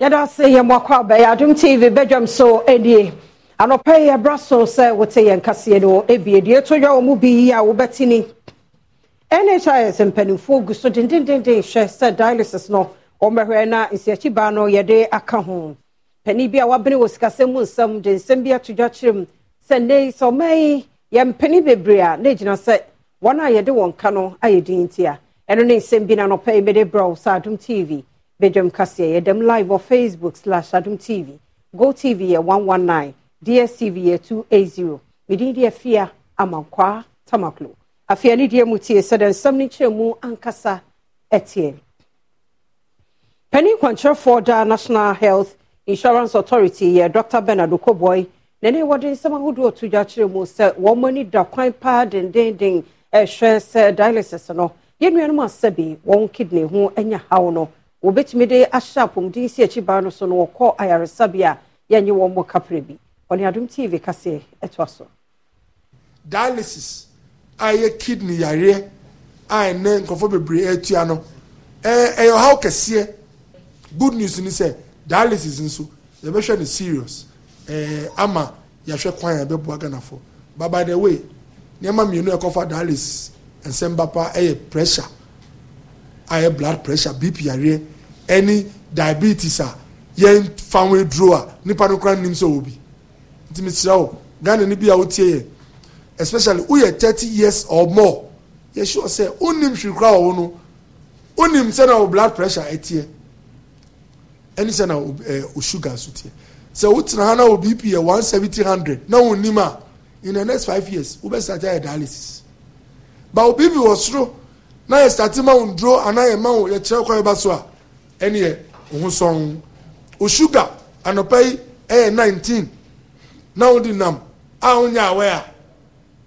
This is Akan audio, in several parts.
yɛda ase yɛ mmoakɔ abɛyɛ adom tv badwam so ɛnie anɔpɛ yɛ bra so sɛ wote yɛn kaseɛ no ebie deɛ ɛto dwa wɔ mu bi yi a wobɛte ni nhis mpanimfoɔ gu so dendendenden hwɛ sɛ dialysis no wɔmmɛhwɛ na nsiakyi baa no yɛde aka ho panin bi a wabene wɔ sikasɛm mu nsɛm de nsɛm bi ato dwa kyerɛ mu sɛ nne yi sɛ ɔman yi yɛ bebree a ne gyina sɛ wɔn a yɛde wɔn ka no ayɛ din ntia ɛno ne nsɛm bi na anɔpɛ yi mede brɛ wo sɛ adom tv Bedroom Cassia, them live on Facebook slash Adam TV, Go TV at 119, DSTV at 280. Medin dear fear, amankwa, tamaklo. Afia ni dear mutie, said and some niche mu ankasa etienne. Penny Quancher for National Health Insurance Authority, yɛ Dr. Bernard Okoboy, na ne wɔde nsɛm ahodoɔ to gya kyerɛ mu sɛ wɔn ani da kwan paa dendenden ɛhwɛ sɛ dialysis no yɛn nuanom asɛbi wɔn kidney ho anya haw no wɔbɛtumi de ahyɛ apɔmuden si akyi baa no so no wɔkɔ ayaresabea yɛnye wɔn mo kapra bi ɔne adom tv kaseɛ ɛtoa so dialysis a ɛyɛ kidney yareɛ a ɛnɛ nkurɔfoɔ bebree ɛtua no ɛɛ ɛyɛ ɔhaw kɛseɛ good news ni sɛ dialysis nso yɛbɛhwɛ no serious ɛɛ ama yɛahwɛ kwan a yɛbɛboa ghanafoɔ but by the way nneɛma mmienu ɛkɔfa dialysis nsɛm ba pa ɛyɛ pressure high blood pressure bp areɛ ɛne diabetes a yɛn fanwe duro a nipa no kora nim sɛ wɔ bi nti mi kyerɛ o ghana ni bi a wotie yɛ especially woyɛ thirty years or more yɛ sure sɛ onim hwiri kora wɔ wo no onim sɛ na o blood pressure ɛteɛ ɛne sɛ na o ɛɛ o sugar so teɛ sɛ wotena ha na o bp yɛ one seventy hundred na o nim a in the next five years wobɛ start ayɛ dialysis but o bp wɔ soro na yɛ sati ma wo nduro anaa yɛ ma wo yɛkyerɛ kɔ yɛba so a ɛne yɛ ohosɔn osuga anɔpa yi ɛyɛ nineteen na wo di nam a wo nya awɛ a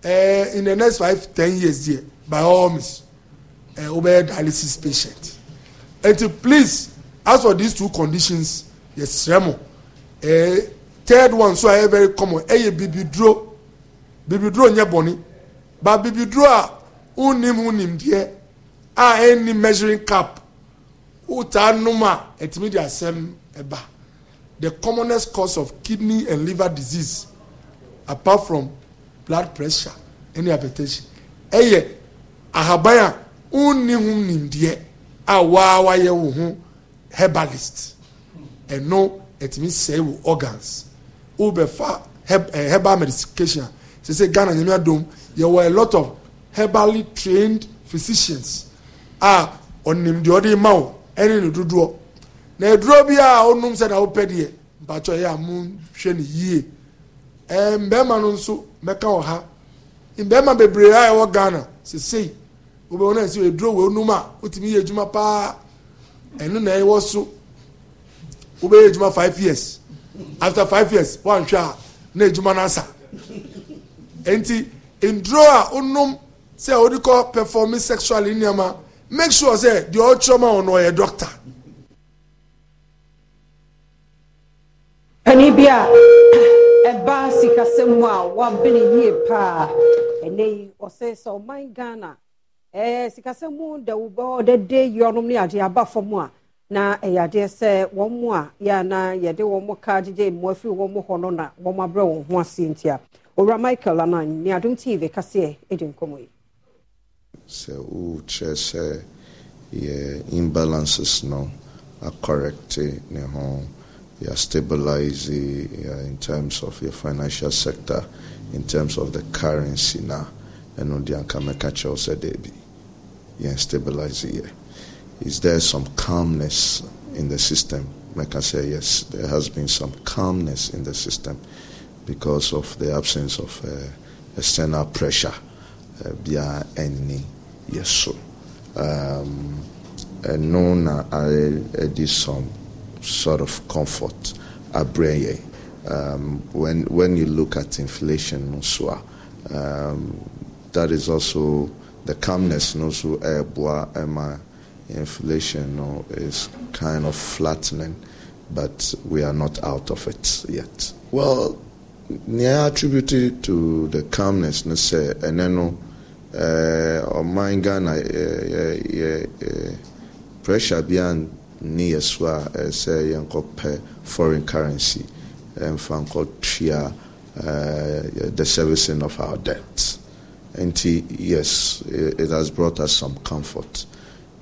ɛɛ in the next five ten years deɛ by all means ɛɛ wo bɛyɛ dialysis patient eti please as for these two conditions yɛsrɛ mo ɛɛ third one so a ɛyɛ very common ɛyɛ bibi bibiduro nyɛ bɔnni ba bibiduro a wonim wonim deɛ a ɛnni measuring cap wotaa nom a ɛtumi de asɛm ɛba the commonest cause of kidney and liver disease apart from blood pressure ɛne hypertension ɛyɛ ahaban a wonni ho nimdeɛ a waa wayɛ wo ho herbalist ɛno ɛtumi sɛe wo organs wobɛfa eh, herbal medication sɛ sɛ ghana nyame adom yɛwɔ a lot of herbally trained physicians a ah, ɔnim deɛ ɔde ma wo ɛne ne dodoɔ na aduro bi a ɔnom sɛ na wopɛ deɛ mpakyɛ ɛyɛ a monhwɛ no yie mbarima no nso mɛka wɔ ha mbarima bebree a ɛwɔ ghana sesei wobɛhu no sɛ aduro wɔ num a wotumi yɛ adwuma paa ɛno na ɛwɔ so wobɛyɛ adwuma five years after five years woanhwɛ a na adwuma no asa nti nduro a wonom sɛ wode kɔ performing sexual nneɛma make sure say deɛ ɔkyerɛ ma wɔn ɔyɛ doctor. panin bi a ɛba sikasɛm mu a wabene yi paa ɛnɛ yi ɔsɛ sɛ ɔman ghana ɛɛ mu da wo bɛ ɔdɛdɛ yɔnom ne a na ɛyɛ eh, adeɛ sɛ wɔn mu a yɛana yɛde ka gyegye mu afiri wɔn hɔ no na wɔn ho michael anan adum tv yi. se wokyerɛ say, yeah, imbalances no acorrecte ne ho yɛ stabilise yɛ in terms of your financial sector in terms of the currency now, and on the mɛka kyerɛw sɛ daabi yɛn stabilise yɛ is there some calmness in the system can say yes there has been some calmness in the system because of the absence of uh, external pressure uh, eh, biara yeso um, ɛno na ɛde some sort of comfort abrɛ yɛ um, when, when you look at inflation nso a um, that is also the calmness no so ɛɛboa eh, ɛma eh, inflation no is kind of flattening but we are not out of it yet well near attributed to the calmness no sɛ ɛnɛ eh, no ɔman ghana yɛ pressure beyond anni yɛ so a ɛɛ foreign currency ɛmfa nkɔtua eh, the servicing of our debt And yes it has brought us some comfort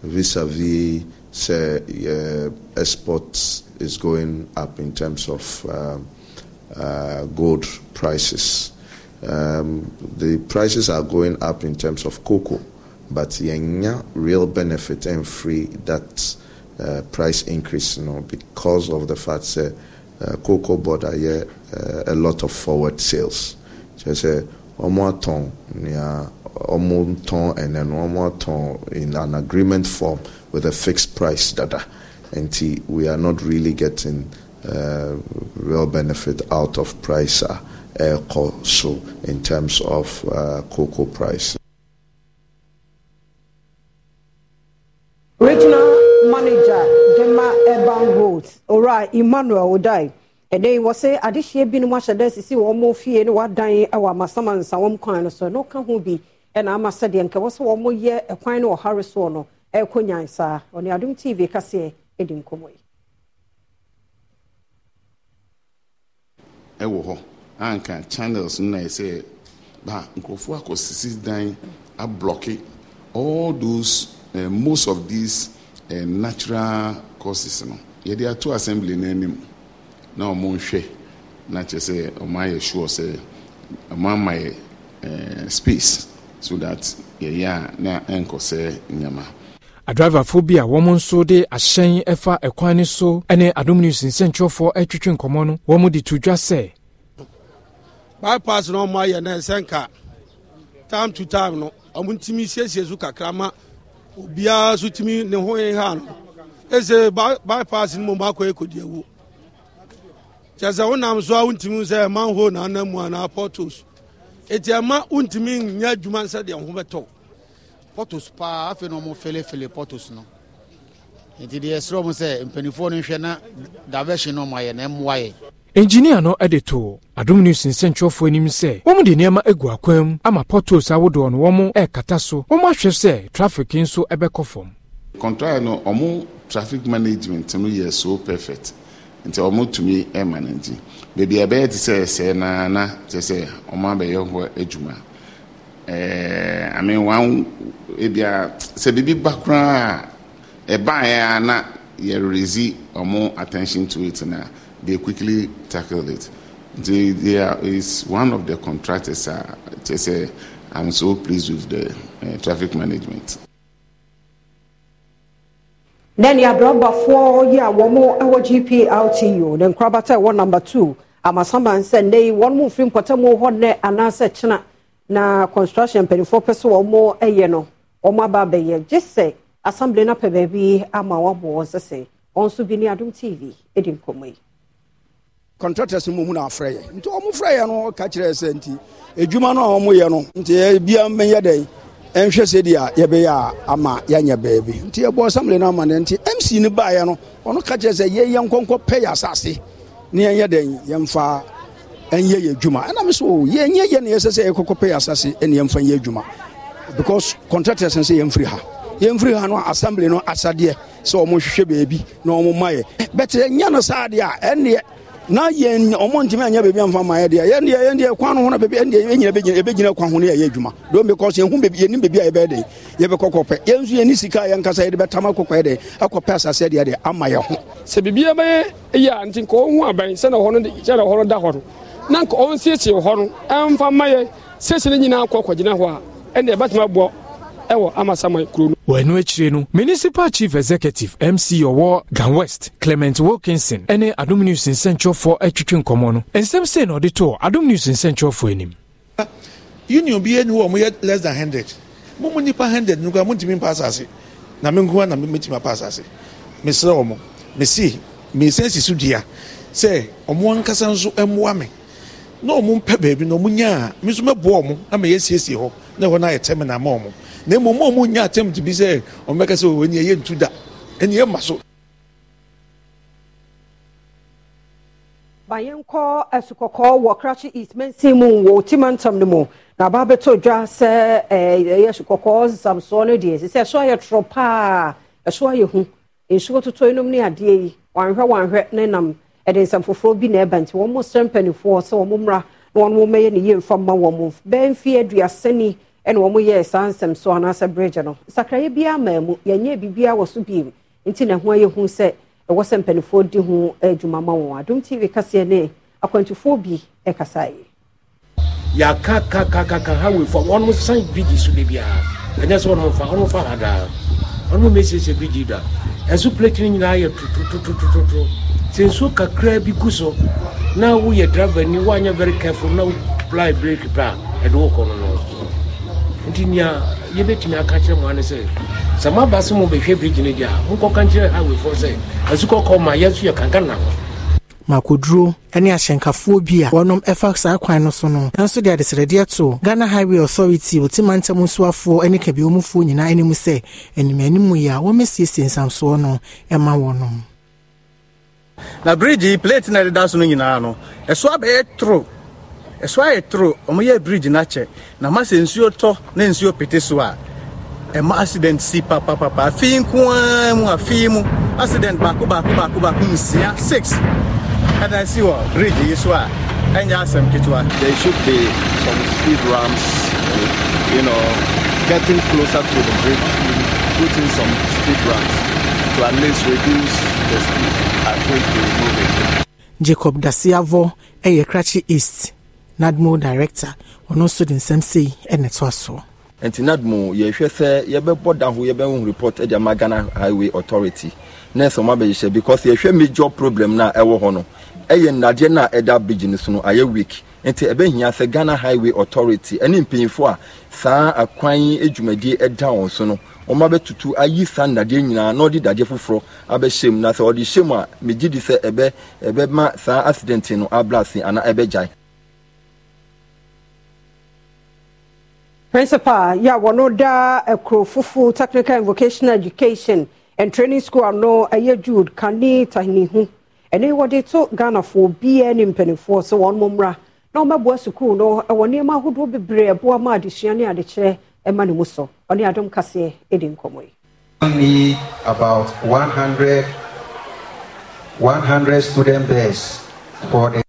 vis-a-vis sɛ eh, export is going up in terms of um, uh, gold prices um, the prices are going up in terms of cocoa, but yenya real benefit and free that uh, price increase you know, because of the fact that uh, cocoa board are yeah, uh, a lot of forward sales. So say omo ton yeah, omo ton and then omo ton in an agreement form with a fixed price data. And we are not really getting uh, real benefit out of price in terms of uh, cocoa price. Regional manager, Dema Urban Roads, Ora Emmanuel Odai. ɛdɛ yi wɔsɛ "This binom ahyɛ dɛ sisi wɔn mo fie ne wadan wɔ amasamansa wɔn kwan no so na ɔka ho bi ɛna ama sɛdeɛ nka wɔsɛ wɔn mo yɛ ɛkwan no ɔhare soɔ no ɛrekɔ nyansaa ɔne adum tv kaseɛ ɛdi nkɔmɔ anka channels no na ɛsɛ ba nkurɔfoɔ akɔsisi dan ablɔke all those uh, most of these uh, natural courses no yɛde ato assembly no anim na ɔmo nhwɛ na kyerɛ sɛ ɔmo ayɛ sure sɛ ɔmo ama yɛ eh, space so that yɛyɛ a na ɛnkɔ sɛ nyama adraivafoɔ bi a wɔn nso de ahyɛn fa ɛkwan no so ne adom news nsɛnkyerɛfoɔ atwitwe nkɔmmɔ no wɔn de to dwa sɛ bypass na ɔmo ayɛ na ɛsɛ nka time to time no ɔmo ntumi siesie so kakra ma obiara so tumi ne ho yɛn ha no ese bypass no mo ma akɔ ekodi ewu kyɛ wonam so a wontumi sɛ manhole na anam mu anaa portals eti ɛma wontumi nyɛ adwuma sɛ deɛ ho bɛtɔ portals paa afei na ɔmo felefele portals no nti deɛ ɛsrɛ ɔmo sɛ mpanimfoɔ no nhwɛ na diversion no ɔmo ayɛ na ɛmoa yɛ engineer no de to adom news nsɛntwerɛfoɔ anim sɛ wɔn de nneɛma agu akwan mu ama potholes ahodoɔ no wɔn rekata so wɔn ahwɛ sɛ traffic nso bɛkɔ fam. kɔntraya no ɔmo traffic management no yɛ so perfect nti ɔmo tumi manage beebi a ɛbɛyɛ te sɛ sɛ na kyerɛ sɛ ɔmo abɛyɛ hɔ adwuma ɛɛ ame wɔn ebia sɛ biribi ba koraa ɛbaeɛ a na yɛ rezi ɔmo attention to it na. they quickly tackled it. They, they are, is one of the contractors. Uh, they say, I'm so pleased with the uh, traffic management. Then you na nea abrabbafoɔ yi one more wɔ gpltu Then Krabata one number two i I'm a nne yi wɔn mu nfiri mpɔtamu hɔ nnɛ anaasɛ kyena na construction four pɛ sɛ more yɛ no wɔn aba abɛyɛ just say assembly no apɛ baabi ama wɔabɔ wɔn sɛsɛ wɔn nso bi ne adum tv di nkɔmɔ yi. contractors no mu na afrɛ yɛ nti wɔn frɛ yɛ no ka kyerɛ sɛ nti edwuma no a wɔn yɛ no nti ebia mmɛnyɛ dɛ nhwɛ sɛ di yɛbɛyɛ a ama yɛanyɛ baabi nti yɛbɔ assembly no ama ne nti mc no baeɛ no ɔno ka kyerɛ sɛ yɛyɛ nkɔnkɔ pɛ yɛ asase ne yɛnyɛ dɛn yɛmfa ɛnyɛ yɛ adwuma ɛna me so yɛnyɛ yɛ ne yɛsɛ sɛ yɛkɔkɔ pɛ yɛ asase ɛne yɛmfa nyɛ adwuma because contractors no sɛ yɛmfiri ha yɛmfiri ha no assembly no asadeɛ sɛ ɔmo hwehwɛ baabi na ɔmo ma bɛtɛ nyɛ no saa deɛ a ɛnneɛ na yɛn ɔmo ntumi anya beebi anfa ma yɛ deɛ yɛn deɛ yɛn deɛ kwan no ho na beebi yɛn deɛ yɛn nyina ebegyina kwan ho ne yɛyɛ adwuma don because yɛn ho beebi yɛn nim beebi a yɛbɛyɛ den yɛbɛkɔ kɔpɛ yɛn nso yɛn ni sika yɛn kasa yɛde bɛtam akɔkɔ yɛ den akɔpɛ asase deɛ deɛ ama yɛ ho. sɛ biribi abɛyɛ eyi a nti nka ɔho abɛn sɛ na ɔhɔ no kyɛ na ɔhɔ no da hɔ no na nka ɔnsiesie hɔ no ɛnfa ma yɛ siesie no nyinaa kɔ kɔgyina hɔ a ɛnna ɛbɛtuma bɔ ɛwɔ amasaman kuro no. wɔ ɛno akyire no municipal chief executive mc ɔwɔ gan west clement wilkinson ne adom news nsɛnkyerɛfoɔ atwitwe nkɔmmɔ no nsɛm sei na ɔde too adom news nsɛnkyerɛfoɔ anim union bi ni wɔn yɛ less than hundred mo mo nipa hundred nukura mo ntumi mpa asase na mi nkuma na mi metumi apa asase mesrɛ wɔn mesi mesia sisi dua sɛ wɔn ankasa nso mmoa me na wɔn mpɛ baabi na wɔn nya a mi nso mɛboa wɔn ama yɛsiesie hɔ na ɛhɔ no ayɛ tɛmɛ na ama wɔn na mmom mo a mo nya attempt bi sɛ ɔmɛka sɛ wɔn ani ɛyɛ ntu da ɛni ɛma so. bayɛnkɔ asukɔkɔɔ wɔ krakye east mansin mu wɔ otima ntam mu na aba abɛtɔ dwa sɛ eh, ɛyɛ asukɔkɔɔ samsoɔ no deɛ sɛ ɛso ayɛ torɔ paa ɛso ayɛ hu nsuo totɔ nom ne adeɛ yi wanhwɛ wanhwɛ ne nam ɛde nsɛm foforɔ bi na ɛbɛn nti wɔn mo srɛ mpanimfoɔ sɛ wɔn mmra na wɔn mo mɛyɛ ne yie nfa ma wɔn mo bɛn fi aduasa ni ɛna wɔn yɛ saa nsɛm so anaasɛ bridge no sakraeɛ biara maa mu yɛnyɛ biribiara wɔ so biem nti na ɛho ayɛ hu sɛ ɛwɔ sɛ mpanimfoɔ di ho adwuma ma wɔn adom tv kaseɛ ne akwantufoɔ bi ɛkasa yi. yàka kakakaka highway fam ɔno san bridge so de biara ɛnyɛ sɛ ɔno fa ɔno fa ha daa ɔno mesiesie bridge da ɛso plate no nyinaa yɛ tutututututu sɛ nsuo kakra bi gu so na woyɛ driver ni woanyɛ very careful na wo apply brake pa a ɛde wokɔ no no nti nea yɛbɛtumi aka kyerɛ mo ano sɛ sɛ moaba so mo bɛhwɛ bridge no deɛ a monkɔka nkyerɛ highwayfoɔ sɛ asukɔkɔ ma yɛ so yɛkanka na ho makoduro ne ahyɛnkafoɔ bi a wɔnom ɛfa saa kwan no so no nso de adesrɛdeɛ to ghana highway authority wɔtima ntam nsoafoɔ ne kabiamufoɔ nyinaa anim sɛ animanimu yi a wɔmɛsiesie nsamsoɔ no ɛma wɔnom na bridge plate na ɛdeda so no nyinaa no ɛso abɛyɛ toro ɛso ayɛ toro ɔmoyɛ bridge no na ma sɛ nsuo tɔ na nsuo pete so a ɛma accident si papapapa afei nko ara mu afei mu accident baako baako baako baako nsia six ɛna si wɔ bridge yi so a ɛnyɛ asɛm ketewa there should be some speed ramps you know getting closer to the bridge putting some speed ramps to at least reduce the speed at which they move it jacob dasiavo ɛyɛ krakye east nadmo director ɔno nso de nsɛm sei ɛna ɛto aso nti nadmo yɛhwɛ sɛ yɛbɛbɔ da ho yɛbɛhu report de ama ghana highway authority na ɛsɛ ɔma bɛhyehyɛ because yɛhwɛ major problem na a e ɛwɔ hɔ no ɛyɛ e nnadeɛ no ɛda e bridge no so no ayɛ week nti ɛbɛhia sɛ ghana highway authority ɛne mpanyinfoɔ a saa akwan adwumadie ɛda wɔn so no wɔn abɛtutu ayi saa nnadeɛ nyinaa na ɔde dadeɛ foforɔ abɛhyɛ mu na sɛ ɔde hyɛ mu a megye di sɛ ɛbɛ ɛbɛma saa accident no abrɛ ase anaa ɛbɛgyae principal yà wanoda, wɔno da fufu technical and vocational education and training school ano ɛyɛ jude kani tanihu, and wɔde to ghanafoɔ for ne mpanimfoɔ sɛ wɔn mo mmra na wɔmɛboa sukuu no ɛwɔ nneɛma ahodoɔ bebree ɛboa ma adesua ne adekyerɛ ɛma ne mu so ɔne adom kaseɛ ɛdi nkɔmmɔ yi need about one hundred, one hundred student beds for the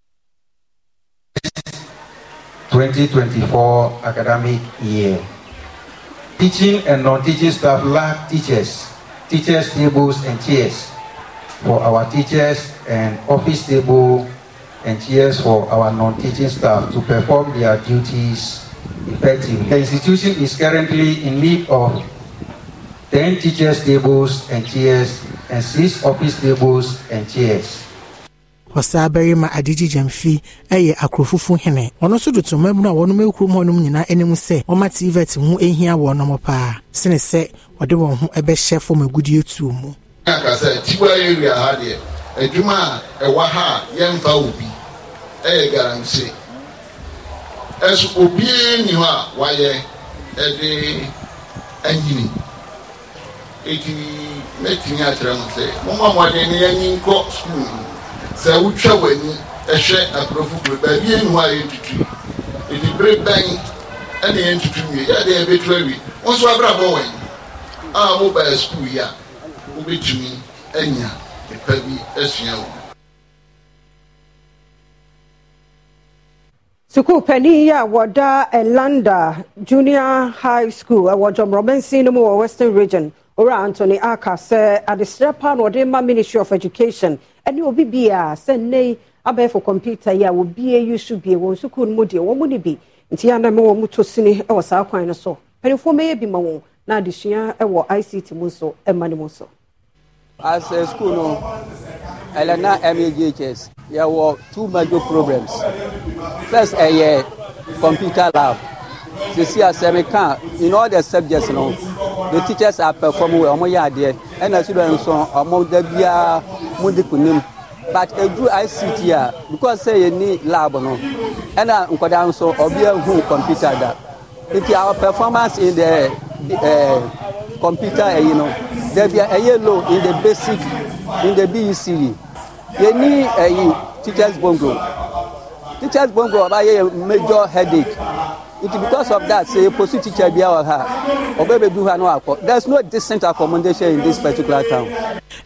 2024 academic year. Teaching and non-teaching staff lack teachers, teachers tables and chairs for our teachers and office table and chairs for our non-teaching staff to perform their duties effectively. The institution is currently in need of 10 teachers tables and chairs and 6 office tables and chairs. ɔsaa barima adegye gyamfi ɛyɛ akurofufo hene ɔno nso de toma mu no a wɔnom ekurom hɔnom nyinaa anim sɛ ɔma tvt ho ehia wɔn nom paa sene sɛ wɔde wɔn ho ɛbɛhyɛ fam agudie tuo mu. aka sɛ tiwa area ha deɛ adwuma a ɛwɔ ha a yɛmfa obi ɛyɛ galamsey ɛso obiara nni hɔ a wayɛ ɛde anyini eti mɛtumi akyerɛ mo sɛ mo ma mo de ne yɛn nkɔ sukuu sɛ wotwa w'ani ɛhwɛ akorɔfo kuro baabi ɛnu hɔ a yɛntutu edibere bɛn ɛna yɛntutu nwie yɛde yɛbɛtu awie wɔn nso abrabɔ wɔn a mobile school yi a wobɛtumi anya nipa bi asua wɔn. sukuu panyin yi a wɔda elanda junior high school ɛwɔ jɔnmɔrɔmɛnsin no mu wɔ western region owura anthony aka sɛ adesrɛ paa na ɔde ma ministry of education ɛne obi bia sɛ nnɛ yi abɛɛfo computer yi a obie yi so bie wɔn sukuu no mu deɛ wɔn mu ne bi nti yɛn anam wɔn mu to sini wɔ saa kwan no so mpanimfoɔ mɛyɛ bi ma wɔn na adesua wɔ ict mu nso ma ne mu nso. as a school no ɛlɛna mhs yɛwɔ two major programs first ɛyɛ computer lab sisi asɛ mi kan in all the subjects no the teachers are performing well ɔmo yɛ adeɛ ɛna students nso ɔmo da biara mo di kunim but edu ict a because sɛ yɛ ni lab no ɛna nkɔdaa nso ɔbi ehu computer da nti our performance in the uh, computer ɛyi no dabi ɛyɛ low in the basic in the bec yɛ ni ɛyi teachers bongo teachers bongo ɔba yɛ major headache it because of that say posu teacher bi awɔ ha ɔbɛbɛdu ha na wakɔ there is no decent accommodation in this particular town.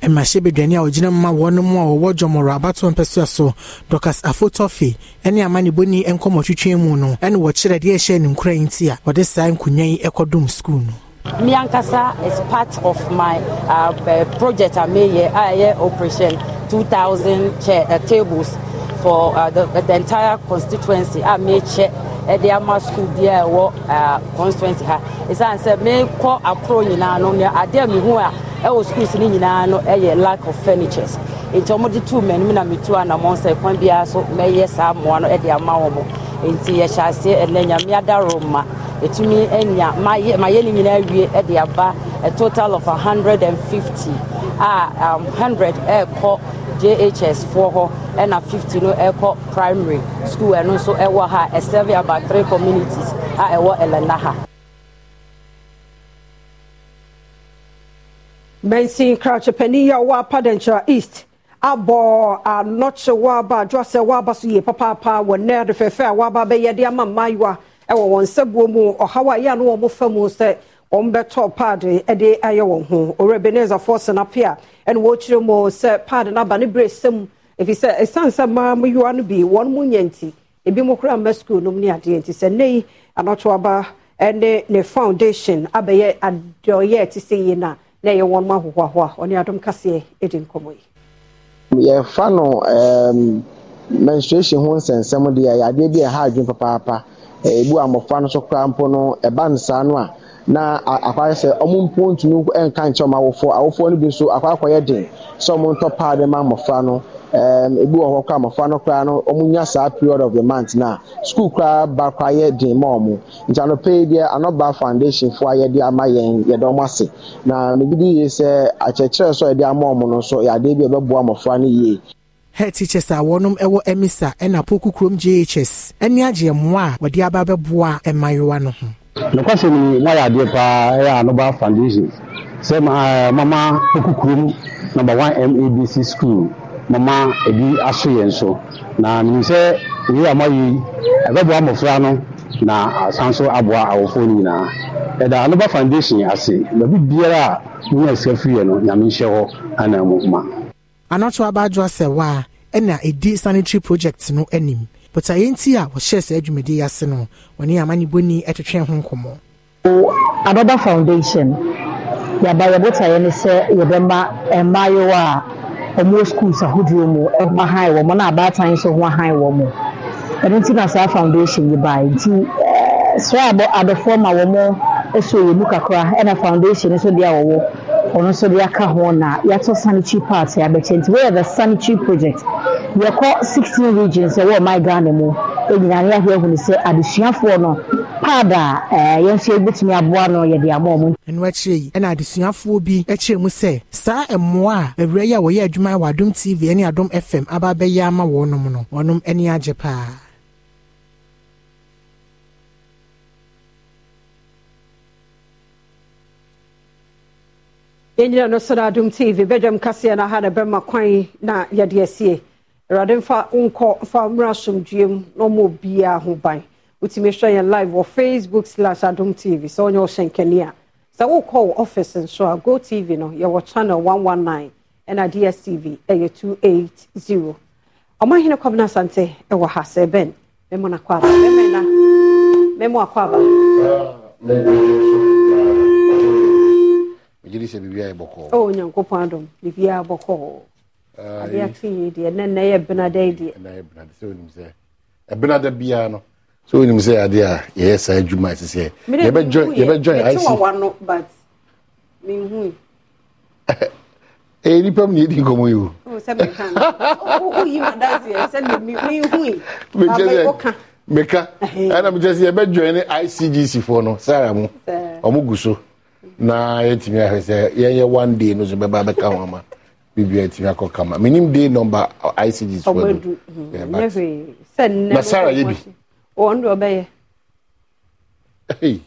mmarahyɛ bedwani a ɔgyina mu ma wɔn mu a wɔwɔ dwamɔrɔ abatoɔ mpɛsoa so dɔkas afotɔfe ne amanibɔni nkɔmɔtwitwe mu no ne wɔkyerɛ deɛ ɛhyɛ ne nkura yi nti a wɔde saa nkonnwa yi kɔdom sukuu no me ankasa is part of my uh, uh, project a meyɛ a ɛyɛ operation 2000 chair, uh, tables for uh, the, the entire constituency a mekyɛ ɛde ama school biara ɛwɔ ɛɛ constituency ha esan sɛ mekɔ akoro nyinaa no nea adeɛ mihu a ɛwɔ schools ne nyinaa no ɛyɛ lack of furnitures nti wɔn de tu mɛnum na mi tu anamɔ nsa kwan biara so mɛyɛ saa mmoa no ɛde ama wɔn nti yɛhyɛ aseɛ ɛnɛ nyame adaro ma ɛtumi anya mayɛ mayɛ ne nyinaa wie ɛde aba a total of a hundred and fifty a um, hundred ɛɛkɔ jhs foɔ hɔ ɛna fifty no ɛkɔ primary school ɛno nso ɛwɔ ha ɛsɛve about three communities a ɛwɔ ɛlɛnda ha mɛnsin krakyepani yi a ɔwɔ apadankyerɛ east abɔ anɔkye waba adwo asɛ waba so yie papaapa wɔ nɛɛde fɛfɛ a waba bɛyɛ de ama mmaayewa ɛwɔ wɔn nsɛboɔ mu ɔhaw a yɛ ano wɔn fa mu sɛ wɔn bɛtɔ paadi ɛde ayɛ wɔn ho owurɛ beneza fɔsi napi a ɛna wɔrekyerɛ mu sɛ paadi n'aba ne bere sɛm efi sɛ mmaa mu yiwa no bi wɔn mu nyɛ nti ebi mu kura mma sukuu nom ne adeɛ nti sɛ ne yi anɔtɔ aba ɛne ne foundation abɛyɛ adɔyɛ ti sɛ yie na na ɛyɛ wɔn mu ahohoahoa ɔne adom kaseɛ ɛdi nkɔmɔ yi. yɛfa no ɛɛm menstruation ho nsɛnsɛm deɛ yɛ adeɛ bi a ɛha adwene papaapa ɛɛbu amɔfra no so koraa mpo no ɛba na akwaa sɛ ɔmo mpo ntumi nka nkyɛn ɔmo awofoɔ awofoɔ no bi nso akwaa akɔyɛ den sɛ ɔmo ntɔ paade ma mmɔfra no ɛɛm ebi wɔ hɔ koraa mmɔfra no koraa no ɔmo nya saa period of the month na sukuu koraa ba koraa yɛ den ma ɔmo nti anɔpɛ yi deɛ anɔba foundation foɔ a yɛde ama yɛn yɛde ɔmo ase na ne bi di yie sɛ akyerɛkyerɛ nso yɛde ama ɔmo no nso yɛ adeɛ bi a ɛbɛboa mmɔfra no yie head teachers a wɔnom ɛwɔ emisa ɛna poku kurom ghs ɛne agye mmoa a wɔde aba bɛboa mmayewa no ho nokwasị eh, m nwa ya adịpa a anụba foundation sị mama okukurum nọmba 1 mabc school mama ebi asụ ya nso na mmiri sị onye amaghị abịabụa mmọfra no na asan so aboa awofoɔ no nyinaa ɛda anoba foundation ase baabi biara a wonya sika firi yɛ no nyame nhyɛ hɔ ana mu ma anɔto abaajo asɛ wa a ɛna ɛdi sanitary project no anim but ayé nti a wɔhyɛ saa dwumadie yi ase no wɔne amanibɔni ɛtwetwe ho nkɔmmɔ ababa foundation yaba yɛbotaeɛ ne sɛ yɛbɛma mmaayewa a wɔwɔ schools ahodoɔ mu ahan wɔ mu na abaatan nso ho ahan wɔ mu ɛno nti na saa foundation yi baa nti sɛ abɔ adɔfoɔ ma wɔn so yɛ mu kakra ɛna foundation nso deɛ a wɔwɔ ɔno nso de aka ho na yɛato sanitary part abɛkyɛ nti wɔyɛ the sanitary project yɛkɔ sixteen regions ɛwɔ ɔman ghana mu ɛnyina ne ahwɛ ahunu sɛ adesuafoɔ no paad a no yɛde ama ɛno akyire yi ɛna adesuafoɔ bi akyire mu sɛ saa mmoa a awura yi a wɔyɛ adwuma wɔ adom tv ne adom fm aba abɛyɛ ama wɔn no wɔn ani agye paa. yɛnyina no so adom tv bɛdwam kaseɛ no ha na bɛma kwan na yɛde asie awurade mfa nkɔ mfa mmra asomdwue mu na ɔma obiaa ho ban wotumi hwɛ yɛn live wɔ facebook slash adom tv sɛ wonyɛ wɔhyɛ nkani a sɛ wokɔ wɔ office nso a go tv no yɛwɔ channel 119 ɛna dstv ɛyɛ 280 ɔmahene kɔbena asante ɛwɔ ha sɛ bɛn mɛmɔ nakɔ aba mɛmɛna mɛmɔ akɔ aba megyedi sɛ biribia yɛ bɔkɔɔ ɔ onyankopɔn adom biribia bɔkɔɔ ade ate yi deɛ nɛ nnɛ yɛ benada yi deɛ ɛnɛ yɛ benada sɛ onim sɛ ɛbenada biara no sɛ onim sɛ ade a yɛyɛ saa adwuma ɛsɛ sɛ yɛbɛjoin yɛbɛjoin but menhui ɛyɛ nipa mu na yɛdi nkɔmmɔ yi o sɛ meka no woyi meka ɛna mekyɛ sɛ yɛbɛjoin ne icgc foɔ no sara mu ɔmo gu so na yɛtumi ahwɛ sɛ yɛyɛ one day no so bɛba bɛka ho ama bibia yɛtumi akɔ kama menim day number icg na sara yɛ bi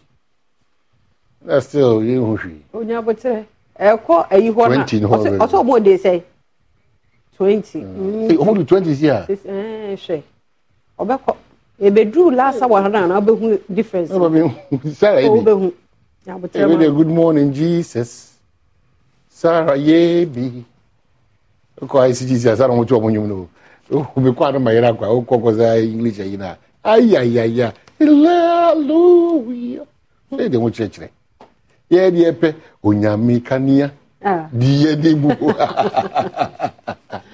na still yɛnhu hwee ɛkɔ ayi hɔ na ɔsɛ sɛ twenty twenty si a ɔbɛkɔ na ɔbɛhu difference ɔbɛhu sara bi ɔbɛhu. Every day, good morning, Jesus. Sarah, yebi. Kwa isi Jesus, I don't want to open you. Umekuwa na mayera kwa oh, kwa za English ina. Ai ai ai ya. Hallelujah. Ye de mo chechre. Ye de epe onyame kania. Ah. Die de bu.